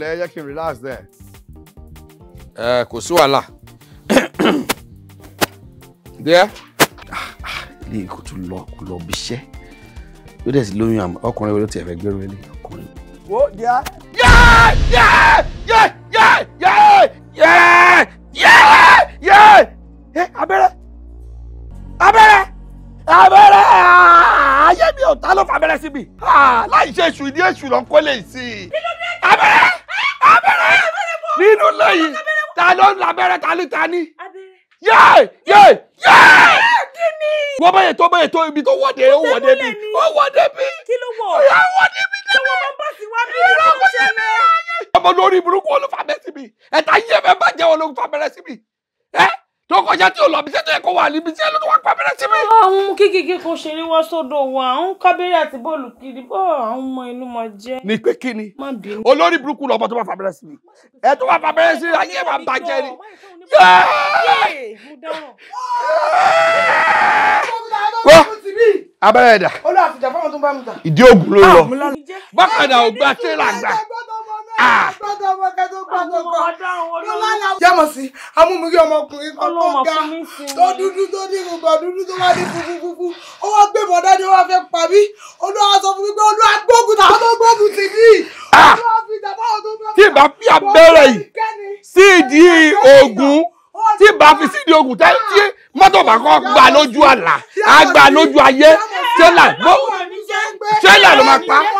pẹ̀lẹ́ you can relax there. ẹ kò sí wàhálà díẹ̀. ilé kò tún lọ kò lọ bí iṣẹ́ yóò dẹ̀ sí lóyún àmọ́ ọkùnrin wo ló tiẹ̀ fẹ́ gbẹ́rù ilé ọkùnrin. wo díẹ̀. yeah, yeah. yẹ yẹ yẹ yẹ yẹ yẹ yẹ abẹ́rẹ́ abẹ́rẹ́ abẹ́rẹ́ ah, ayé mi ò ta ló fa abẹ́rẹ́ síbi ah, láì ṣe èṣù ìdí èṣù lọ́nkọ́lé sí i abẹ́rẹ́ lẹ́yìn ta ló ń labẹ́rẹ́ ta ní ta ní. yé yé yé. kí ni. wọ́n bẹ̀yẹ̀ tó bẹ̀yẹ̀ tó ibi tó wọ́de ó wọ́de bí ó wọ́de bí. kí ló wọ̀ ó yà wọ́de bí débi. lọ́wọ́ bá sì wá bí ó ló ṣẹlẹ̀. ọmọ lórí burúkú olùfàbẹ́sí mi ẹ̀ta yíyẹ fẹ́ bàjẹ́ olùfàbẹ́rẹ́ mi. ẹ́ tó kọjá tí o lọ bí sẹ́tọ̀ ẹ̀kọ́ wà níbi tí ẹlòmíràn wà pàbẹ́rẹ́ sí mi. Ah, àwọn ọmọ kékeré kan ṣeré wá sọ́dọ̀ wa àwọn kábẹ́rẹ́ àti bọ́ọ̀lù kiri bọ́ àwọn ọmọ inú máa jẹ́. ní pé kí ni olórí burúkú lọ́mọ tó bá fàbẹ́rẹ́ sí mi ẹ tó bá fàbẹ́rẹ́ sí mi ayé ẹ̀ máa bàjẹ́ ni. kó abẹ́rẹ́ ẹ̀dá ìdí ògùn ló lọ bákan náà ò tẹ́lá gbà jẹ́mọ̀ sí amúmúrí ọmọkùnrin kan tó ga tó dúdú tó ní gbọ̀ngàn dúdú tó wá ní fúfúfúfú ó wá gbé bọ̀dá ni wọ́n fẹ́ pa mí olúwa sọ fún mi pé olúwa gbógun tàwọn tó gbógun tì mí ah! tí ìbá fi abẹ́rẹ́ yìí sí ìdí ogun tí ìbá fi sídìí ogun tí mọ́tò bá kọ́ gbà lójú àlà àgbà lójú ayé tẹ́lá ló máa pa.